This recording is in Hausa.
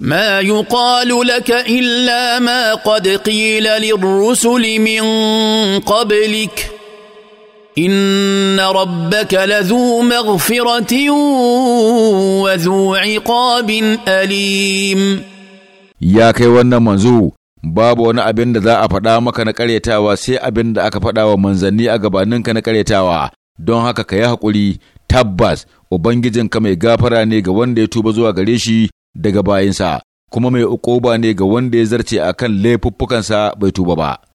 ما يقال لك الا ما قد قيل للرسل من قبلك ان ربك لذو مغفره وذو عقاب اليم ya kai wannan manzo babu wani abin da za a faɗa maka na ƙaryatawa sai abin da aka faɗa wa manzanni a gabaninka na ƙaryatawa don haka ka yi haƙuri tabbas ubangijinka mai gafara ne ga wanda ya tuba zuwa gare shi daga bayinsa kuma mai ƙoba ne ga wanda ya zarce a akan laifuffukansa bai tuba ba